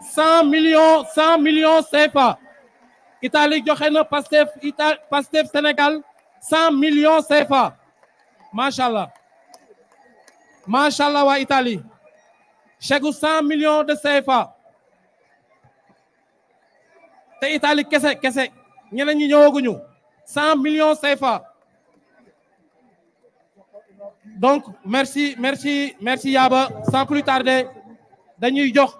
cent millions cent millions CFA Italie joxe na Pastef Ita Pastef Sénégal cent millions CFA macha allah macha allah waa Italie chegu cent millions de CFA te Italie kese kese ñeneen ñi ñëwaguñu cent millions CFA. donc merci merci merci Yaba sans plus tarder dañuy jox